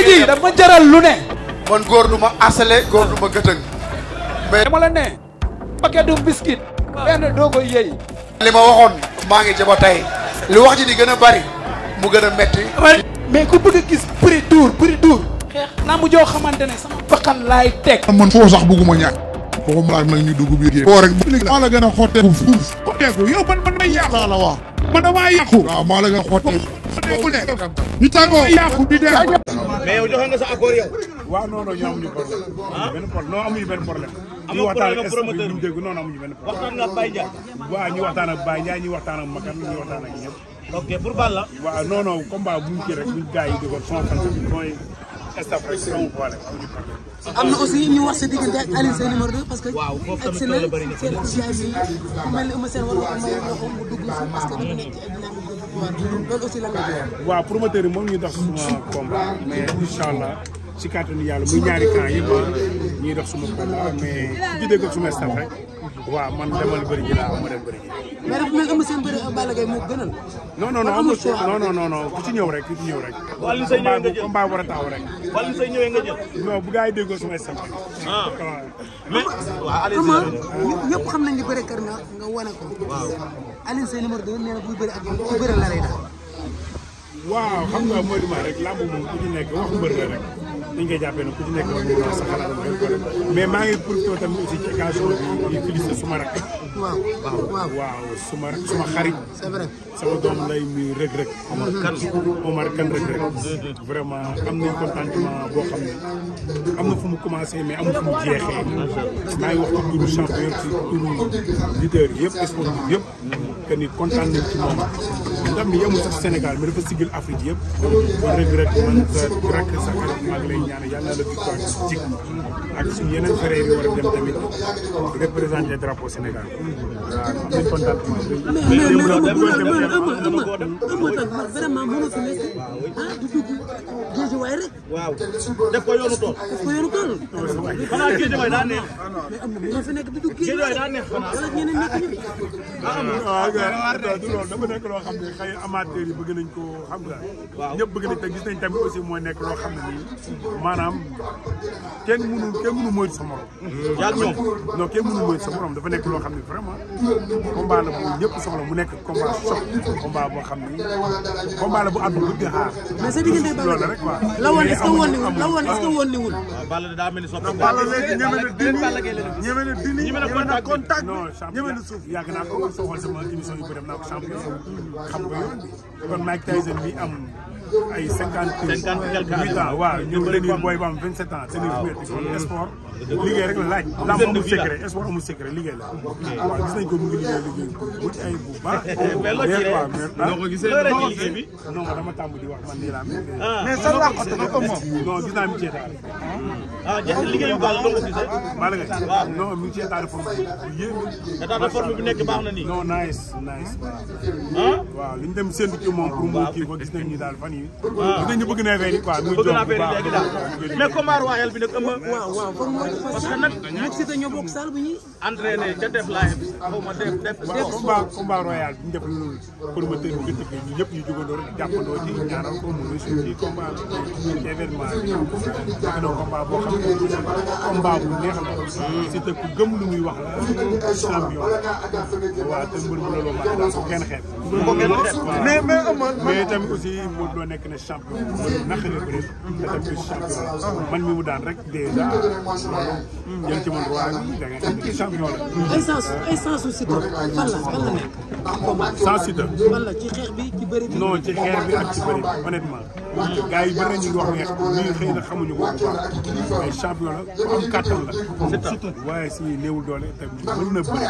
lamb ji dama jaral lu ne. man góor du ma asale góor du ma gëtëng. mais dama la ne. paquet du biscuit. benn doo ko yëy. li ma waxoon maa ngi jaba tey. li wax ji di gën a bari mu gën a metti. mais ku bëgg a gis prix dur prix dur. xeex lamb joo xamante ne sama bakkan laay teg. man foo sax bëgguma ñàkk. boo ko nag ñu dugg biir koo rek maa la gën a xotteeku fuuf xotteeku yow man man may yàqu la waaw man damaa yàqu waaw maa la gën a xotteeku ku nekk ñu tàggoo yàqu di dee mais yow joxe nga sa accord yow waaw non non ñu amuñu problème benn problème non amuñu benn problème ñu waxtaan ak promoteur bi dégg non amuñu benn problème waxtaan Makan ñu waxtaan ak ñëpp ok pour Balla waaw non non combat bu ñu ci rek buñ gars yi di ko son fan bi mooy staff rek sama boole amuñu problème am na aussi ñu wax sa diggante ak loolu aussi waaw promoteur yi moom ñu dox suma combat mais incha allah ci kàttanu yàlla muy ñaari camp yi ñuy dox suma combat mais ku ci dégg ak suma staff waaw man demal bëri ji laa ma dem bëri ji. mais dafa mel am seen bëri euh, Balla Gaye moo gënal. non ku ci ñëw rek ku ci ñëw rek. wàllu say ñëwee nga jël a taxaw rek. wàllu say ñëwee nga jël. non bu gars yi déggoo sama sàmm. ah mais waaw Alioune Seye xam nañ li bëri kër nga nga wane ko. waaw Alioune Seye numéro 2 nee na buy bëri ak yow ku bëri la lay waaw xam nga mooy li rek làmb moom ku ci nekk wax mbër la rek. dañ koy jàppee nag ku ci nekk nag mu wax sa xalaat ma mais maa ngi profité tamit aussi ci occasion bi di félicité suma rak waaw waaw waaw suma rak suma xarit c'est vrai lay muy rëg rëg Omar kan Omar kan vraiment am nañ contentement boo xam ne am na fu mu commencé mais amul fu mu jeexee maa ngi wax ci turu champion turu leader yëpp sport yëpp que ni kontaan nañ ci moom ndam bi yemul sax Sénégal mais dafa sigil Afrique yëpp kon rek rek man sa rakk sa xarit maa ngi lay ñaanal yàlla na la victoire jik ak suñu yeneen frères yi war a dem tamit représenter drapeau Sénégal waaw am nañ contentement mais mais mais vraiment mënu fi nekk ah du dugg waaw def ko yoonu tool. def ko yoonu tool. xanaa géej waay daa nekk di dugg na du loolu dafa nekk loo xam ne xëy amateur yi bëgg nañ ko xam nga. waaw ñëpp bëgg nañ te gis nañ tamit aussi mooy nekk loo xam ne maanaam kenn mënu kenn mënu moytu sa morom. yaa ngi ñoom non kenn mënu dafa nekk loo xam ne vraiment combat la bu ñëpp soxla mu nekk ko choc combat boo xam ne combat la bu àdduna bi xaar. mais sa diggante ba loolu rek quoi. est-ce que na woon est-ce que woon na woon. Balla daa mel ni soppi. Balla léegi ñeme na dindi ñeme na dindi ñeme na contact bi ñeme na suuf. yàgg naa ko soo xool yu bëri dem naa ko champion xam nga am. ay cinquante cinquante quelques ans waaw ñu tenir booy ba am vingt sept ans tenir bu métti kon sport liggéey rek la laaj lamb amul secret sport amul secret liggéey la waaw gis nañ ko mu ngi liggéey liggéey bu ci ay bu baax mais ko gisee ah. liggéey bi non dama tàmm di wax man nii laa mel ah. Ah. mais sa laqatu nga ko moom non gis naa mi ci état ah liggéey bi baal donc gisee baal nga non mi ngi ci état de forme bu yéeme état de forme bu nekk baax na nii non nice nice waaw li ñu dem séntu ci moom pour mu kii ko gis nañ ñu daal fan nañu. waaw gis nañu bëgg na affaire yi quoi muy jóg bu baax mais combat royal bi nag am na. waaw waaw kon mooy parce que nag. nag si te ñoo bokk salle bu ñuy. entraîné ca def live xaw ma def def. waaw combat combat royal bi ñu def loolu promoteur bi nga tëgg ñu ñëpp ñu jugandoo rek jàppandoo ci ñaanal ko mu réussir ci combat bi événement bi. fekk na combat boo xam ne combat bu neexal ko. si te ku gëm lu muy wax la champion. waaw te mbër bu loolu wax daal ko kenn xeet. mais mais euh, am mais tamit aussi Modou Lo nekk na champion Modou naka la bëri te tamit champion man mi mu daan rek déjà loolu hmm, yéen ci man roi da ngay indi champion la. ay sens ay sens su Siteu fan la fan la nekk. comment sens Siteu. fan la ci xeex bi ci bëri bi. non ci xeex bi ak ci bëri bi honnêtement. gars yi bëri nañu wax ne lii xëy na xamuñu ko bu baax mais la ku am kàttan la surtout waaye si néewul doole te mën na bëri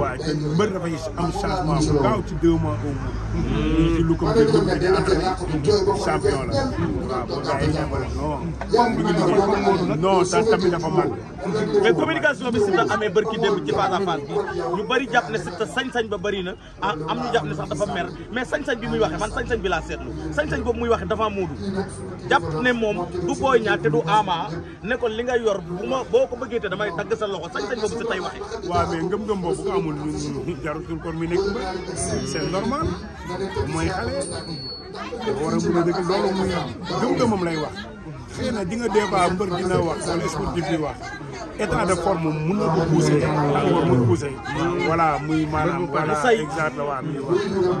waaye bari mbër dafay am changement bu gaaw ci deux mois ci lu ko mbir mi di entraîné champion la waaw boo gars yi ñàmbale non mi ngi liggéey non sa tamit dafa màgg mais si ta amee bërki démb ci face à bi ñu bari jàpp ne si sañ-sañ ba bari na ah am ñu jàpp ne sax dafa mer mais sañ-sañ bi muy waxee man sañ-sañ bi laa seetlu sañ-sañ boobu muy wax dafa muudu jàpp ne moom du booy ñaar te du ama ne li nga yor bu ma boo ko bëggee te damay dagg sa loxo sañ-sañ boobu si tay waxee. waaw mais ngëm-ngëm boobu ko amul ñun jarutul kon mi nekk mbër c'est normal mooy xale dafa war a mën a dëgg loolu muy am gëm lay wax xëy na di nga débat mbër dina wax wala sportif di wax. état de forme mun na ko pousser tàngoor muy pousser voilà muy maanaam voilà exemple waa mi waa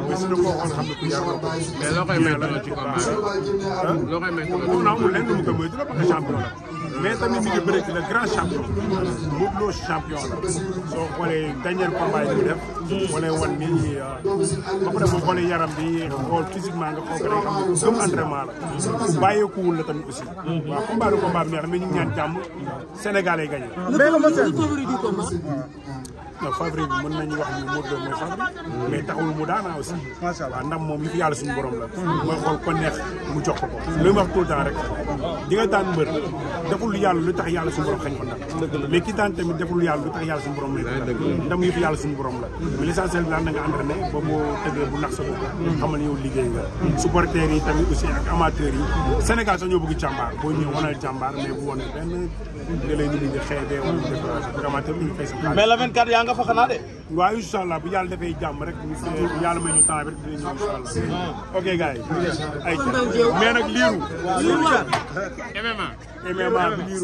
mais suñu ko waxoon xam ne ku yàgg mais loo koy may ci combat bi loo koy may la mais tamit mi ngi bëri le grand champion Modou Lo champion la soo xoolee dernier combat yi def moo lay wan nii euh, ba pare boo xoolee yaram bi xool physiquement nga xool rek xam nga gëm entraînement la bàyyeekuwul la tamit aussi. waaw combat du combat bi neex na ñaan jàmm Sénégal ay gagné. Fabry bi mën nañu wax ni Modou Lo mooy Fabry mais taxul mu daana aussi macha allah ndam moom yi suñu borom la hmm. mooy xool ko neex mu jox ko lu wax tout temps rek di nga daan mbër deful yàlla lu tax yàlla suñu borom xañ ko ndam mais ki daan tamit deful yàlla lu tax yàlla suñu borom la ndam yi fi yàlla suñu borom la mais l'essentiel bi daan na nga entraîné ba boo tëggee bu nax sa bopp xamal yow liggéey nga hmm. supporters yi tamit aussi ak amateurs yi Sénégal sax ñoo bëgg jàmbaar boo ñëwee wanal jàmbaar mais bu wanee benn nga lay nit ñi di xeebee wala def amateur ñu fay sa nga fa xanaa de. waaw bu yàlla defee jàmm rek bu yàlla may ñu temps rek dinañ ñëw incha ok gars yi. ay nag liiru. liiru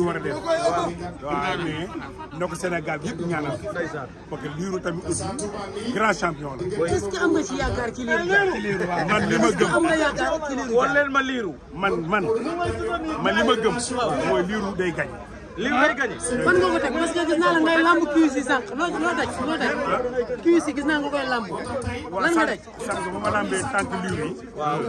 war a def. waaw mais Sénégal bi yëpp ñaanal parce liiru tamit aussi grand champion la. est am nga ci yaakaar ci liiru. man ma liiru. wan leen ma liiru. man ma gëm. mooy liiru day gañ. li ngay ko teg parce que gis naa la ngay lamb cuisse yi sànq loo loo daj loo daj. cuisse yi gis naa nga koy lamb. lan nga daj waaw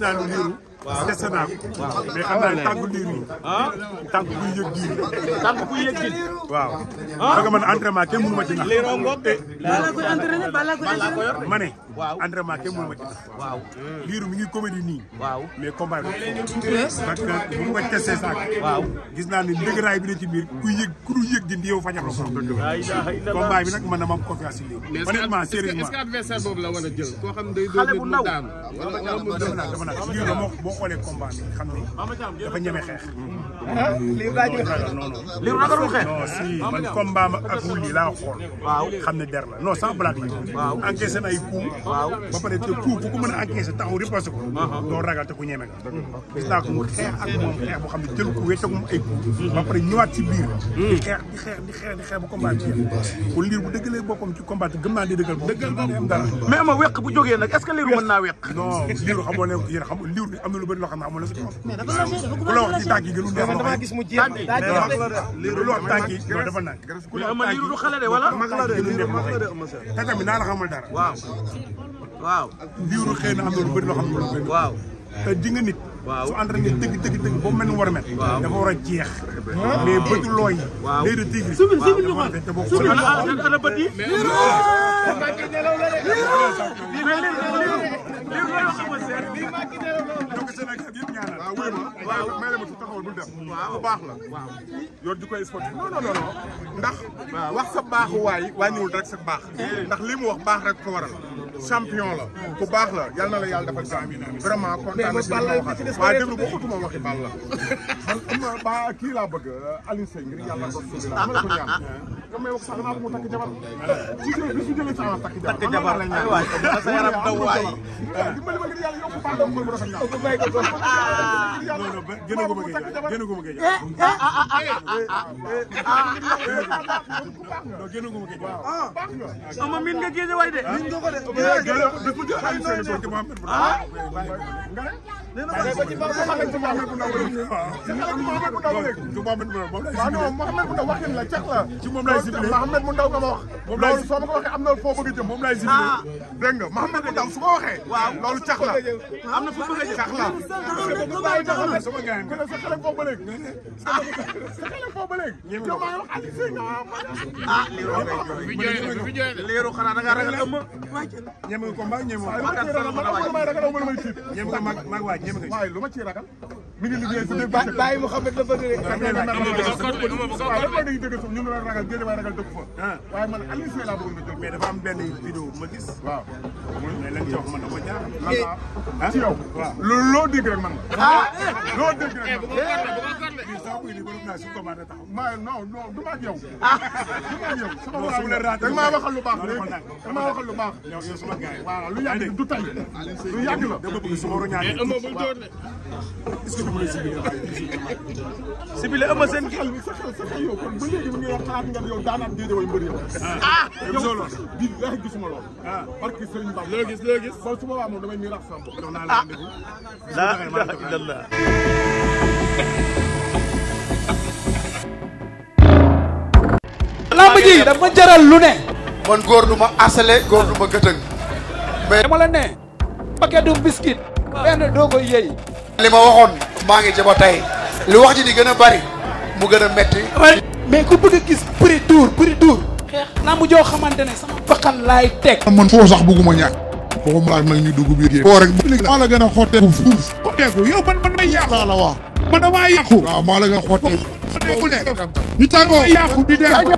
sànq teste naa ko. waaw mais xam naa tànk diir yi. Ah? tànk buy yëg diir yi. tànk buy yëg diir. waaw. ah nga mën entraînement kenn ci nax. lii romb te. balaa eh. koy entraîné ne. waaw entraînement ngi comédie nii. waaw mais ma ko testee saako. waaw gis naa ne ndëgëraay bi ne ci biir kuy yëg ku dul yëg di yow fañal ko. combat bi nag mën na ma am confiance ci lii. honnêtement sérieusement est-ce que adversaire boobu la war a jël. koo xam ne day doon nit mu daanu. boo xoolee combat bi xam ni dafa ñeme xeex. liir daa ñeme xeex non non. liir ragalul xeex non si man combat ma ak wulli laa xool. waaw xam ne der la non sans blague la. waaw encaissé na ay coups. waaw ba pare te coup bu ko mën a encaissé taxaw riposte ko. Uh-huh. doo ragal te ku ñeme nga. gis naa ko mu xeex ak moom xeex boo xam ne jël ko wécce uh-huh. ba pare ñëwaat ci biir. Hmm. di xeex di xeex di xeex bu combat bi jeex. kon liir di dëggal boppam. dëggal weq bu jógee nag est-ce que liiru mën naa weq. non liiru xamoo ne yéen lu bëri loo xam ne amul la si tool. mais dafa lâché dafa ku la wax ci tànk yi gënu neex dama gis mu jeex lu wax tànk yi non dafa naan mais ama liiru du xale de wala mag la de liiru mag la de ama sa te tamit naa la xamal dara waaw waaw liiru xëy na am na lu bëri loo xam ne waaw te di nga nit su entraîné dëgg dëgg dëgg ba mu mel ni war a mel dafa war a jeex mais bëtu looy lay de tigre subi subi ñu xool subi ana bët yi liir liir liir may ma may la ma ci baax la waaw. yor ju koy sportif non non non ndax. wax sa baaxu waay wàññiwul rek sa baax. ndax li mu wax baax rek ko waral. champion la ku baax la yal na la yàlla defal saa vraiment kontaan na si li ma waxaat waaye déglu ba xotuma waxi bal la man am ba kii laa bëgg Alioune Seye ngir yàlla doon fi la ma la ko ñaan nga may wax sax naa mu takk jabar su jëlee ma ngir yàlla yokk baax la mu rafet ama min nga géej way de min nga ko de Mohamed mu ndaw nga ma wax loolu soo ma ko waxee am na foo bëgg a jëm moom laay sible dégg nga Mohamed mu ndaw su ma waxee loolu cax la am na foo bëgg a jëm cax la tey tax na ku ne sa xel foofu ba léegi. sa xel foofu ba léegi. yow maa ngi wax Aliou Seye nga ah, liiru xanaa da ngaa ragal ëmb. nga ko ma ciy ragal man amul lu waaye lu ma ciy ragal. mi ngi liggéey su dee bàyyi Mouhamed la bëgg rek. waaw dëgg dëgg la ragal géej waaye ragal dëkk waaye man Aliou Seye laa bëggoon nga jël. mais dafa am benn vidéo ma gis. waaw mais lan ci wax man dama jaar. lan la eh. ci yow. waaw loo dégg rek man. ah loo kuy nii ba dugg naa suñu combat da taxaw. maa non non du ma ak yow. ah du ma ak yow. sama wàllu la raadu da maa waxal lu baax léegi da maa waxal lu baax. yow yow sama gars yi waaw lu yàgg du tey lu yàgg la. dama bëgg sama roñaan yi est-ce que du ma sibile sibile am seen xel sa xel sa xel yow kon ba léegi mu ngi wax xalaat nga yow daanaat déedéet way mbër yow ah, ah yow bi laa gisuma lool parce ah. que Serigne Ba loo gis loo gis ba su boobaa moom damay miraas sama bopp ah. la ilaha illallah lii dama jaral lu ne. man goor du ma asale góor du ma gëtëng. mais dama la ne. paquet du biscuit. benn doo ko yëy. li ma waxoon maa ngi jaba tey. li wax ji di gën a bari mu gën a metti. mais ku bëgg gis prix tour prix tour. xeex naa mu joo xamante ne sama bakkan laay teg. man foo sax bugguma ñàkk. waxuma laaj nag ñu dugg biir koo rek. maa la gën a xottee fuuf. xotteeku yow man man may yàqu. la wax man damaa yàqu. waaw maa la gën a xottee. ñu tàggoo yàqu di dee.